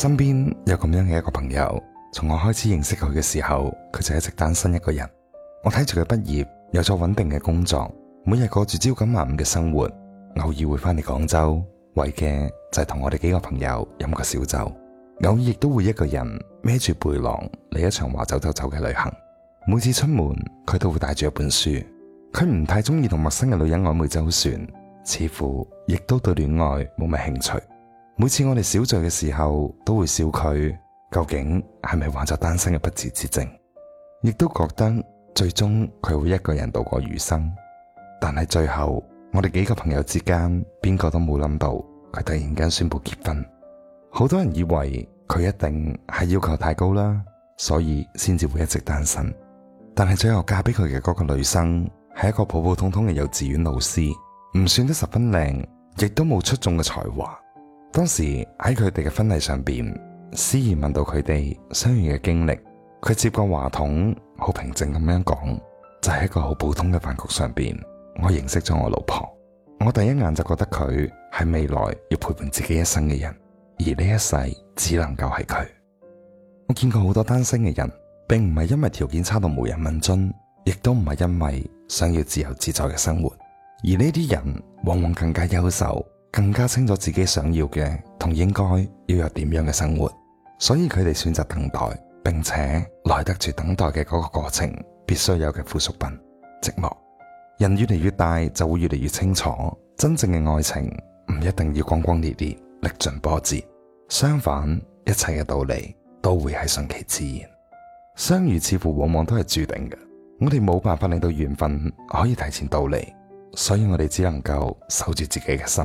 身邊有咁樣嘅一個朋友，從我開始認識佢嘅時候，佢就一直單身一個人。我睇住佢畢業，有咗穩定嘅工作，每日過住朝九晚五嘅生活，偶爾會翻嚟廣州，為嘅就係同我哋幾個朋友飲個小酒。偶爾亦都會一個人孭住背囊嚟一場話走就走嘅旅行。每次出門，佢都會帶住一本書。佢唔太中意同陌生嘅女人曖昧周旋，似乎亦都對戀愛冇咩興趣。每次我哋小聚嘅時候，都會笑佢究竟係咪患咗單身嘅不治之症，亦都覺得最終佢會一個人度過餘生。但係最後，我哋幾個朋友之間，邊個都冇諗到佢突然間宣布結婚。好多人以為佢一定係要求太高啦，所以先至會一直單身。但係最後嫁俾佢嘅嗰個女生，係一個普普通通嘅幼稚園老師，唔算得十分靚，亦都冇出眾嘅才華。當時喺佢哋嘅婚禮上邊，思儀問到佢哋相遇嘅經歷，佢接過話筒，好平靜咁樣講：就係一個好普通嘅飯局上邊，我認識咗我老婆，我第一眼就覺得佢係未來要陪伴自己一生嘅人，而呢一世只能夠係佢。我見過好多單身嘅人，並唔係因為條件差到無人問津，亦都唔係因為想要自由自在嘅生活，而呢啲人往往更加優秀。更加清楚自己想要嘅同應該要有點樣嘅生活，所以佢哋選擇等待，並且耐得住等待嘅嗰個過程，必須有嘅附屬品寂寞。人越嚟越大，就會越嚟越清楚，真正嘅愛情唔一定要轟轟烈烈，歷盡波折，相反，一切嘅道理都會係順其自然。相遇似乎往往都係注定嘅，我哋冇辦法令到緣分可以提前到嚟，所以我哋只能夠守住自己嘅心。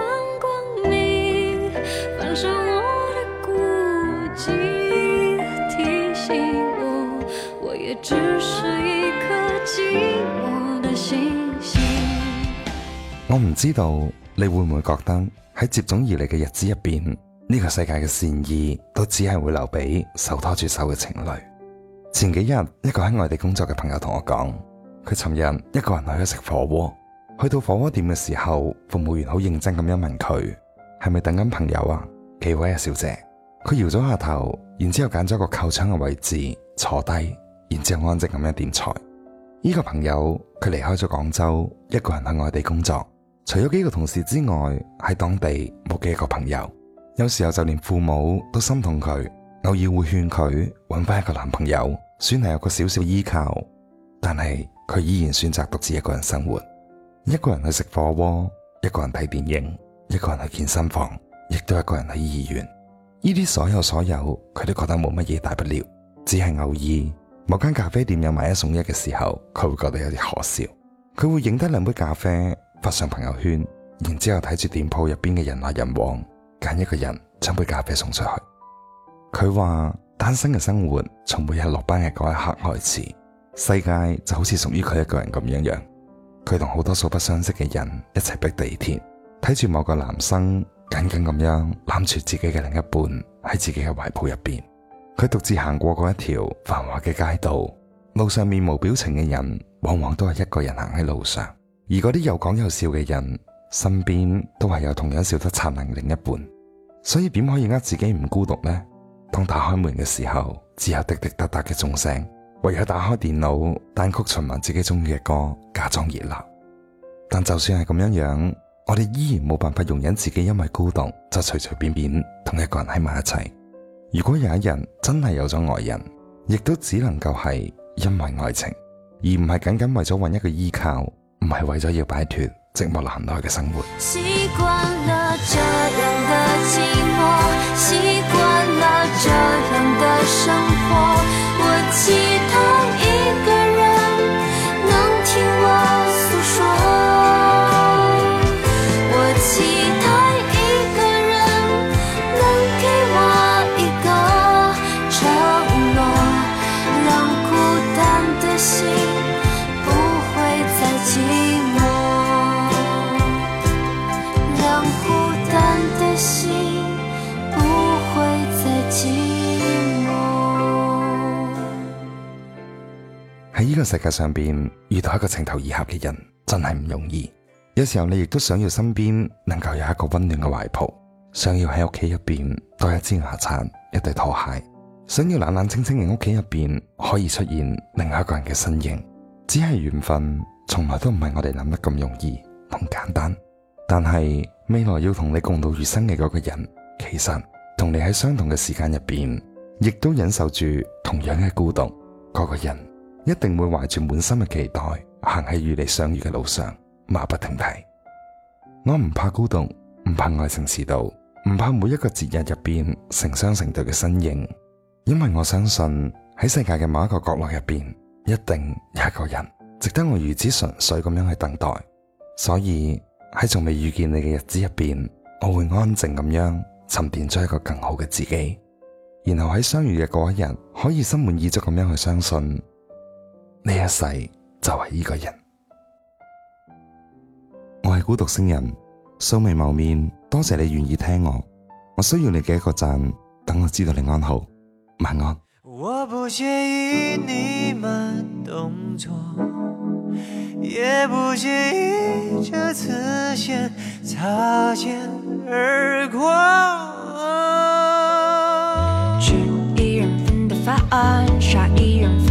我唔知道你會唔會覺得喺接踵而嚟嘅日子入邊，呢個世界嘅善意都只係會留俾手拖住手嘅情侶。前幾日，一個喺外地工作嘅朋友同我講，佢尋日一個人去咗食火鍋。去到火鍋店嘅時候，服務員好認真咁樣問佢係咪等緊朋友啊？幾位啊，小姐？佢搖咗下頭，然之後揀咗個靠窗嘅位置坐低，然之後安靜咁樣點菜。呢個朋友佢離開咗廣州，一個人喺外地工作。除咗幾個同事之外，喺當地冇幾個朋友，有時候就連父母都心痛佢，偶爾會勸佢搵翻一個男朋友，算係有個小小依靠。但係佢依然選擇獨自一個人生活，一個人去食火鍋，一個人睇電影，一個人去健身房，亦都一個人喺醫院。呢啲所有所有，佢都覺得冇乜嘢大不了，只係偶爾某間咖啡店有買一送一嘅時候，佢會覺得有啲可笑，佢會影得兩杯咖啡，發上朋友圈，然之後睇住店鋪入邊嘅人來人往，揀一個人將杯咖啡送出去。佢話單身嘅生活從每日落班嘅嗰一刻開始，世界就好似屬於佢一個人咁樣樣。佢同好多素不相識嘅人一齊逼地鐵，睇住某個男生緊緊咁樣攬住自己嘅另一半喺自己嘅懷抱入邊。佢獨自行過嗰一條繁華嘅街道，路上面無表情嘅人往往都係一個人行喺路上。而嗰啲又講又笑嘅人，身邊都係有同樣笑得燦爛嘅另一半，所以點可以呃自己唔孤獨呢？當打開門嘅時候，只有滴滴答答嘅鐘聲，唯有打開電腦單曲循環自己中意嘅歌，假裝熱鬧。但就算係咁樣樣，我哋依然冇辦法容忍自己因為孤獨就隨隨便便同一個人喺埋一齊。如果有一日真係有咗愛人，亦都只能夠係因為愛情，而唔係僅僅為咗搵一個依靠。唔係為咗要擺脫寂寞難耐嘅生活。世界上邊遇到一個情投意合嘅人真係唔容易，有時候你亦都想要身邊能夠有一個溫暖嘅懷抱，想要喺屋企入邊多一支牙刷，一對拖鞋，想要冷冷清清嘅屋企入邊可以出現另外一個人嘅身影。只係緣分從來都唔係我哋諗得咁容易咁簡單。但係未來要同你共度餘生嘅嗰個人，其實同你喺相同嘅時間入邊，亦都忍受住同樣嘅孤獨。嗰個人，一定會懷住滿心嘅期待，行喺與你相遇嘅路上，馬不停蹄。我唔怕孤獨，唔怕愛情遲到，唔怕每一個節日入邊成雙成對嘅身影，因為我相信喺世界嘅某一個角落入邊，一定有一個人值得我如此純粹咁樣去等待。所以喺仲未遇見你嘅日子入邊，我會安靜咁樣沉澱出一個更好嘅自己，然後喺相遇嘅嗰一日，可以心滿意足咁樣去相信。呢一世就係依個人，我係孤獨星人，素未謀面，多謝你願意聽我，我需要你嘅一個贊，等我知道你安好，晚安。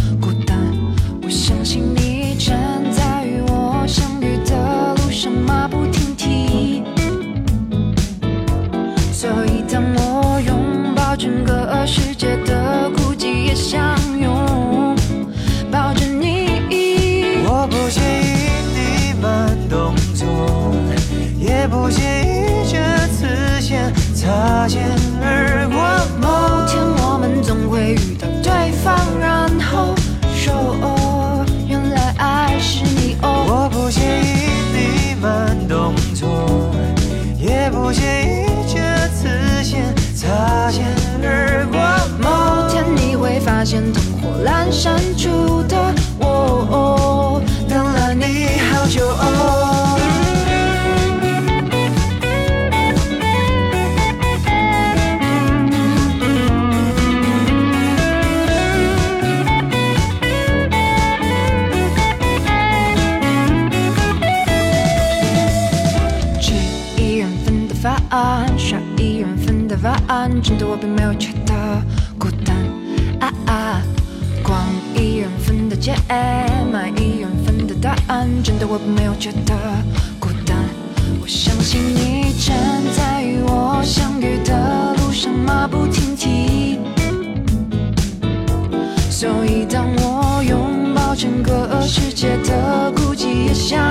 擦肩而過，某天，你會發現燈火闌珊處的。真的我並没有覺得孤單。啊啊！逛一人份的街，買一人份的答案，真的我並沒有覺得孤單。我相信你正在與我相遇的路上，馬不停蹄。所以當我擁抱整個世界的孤寂，也像。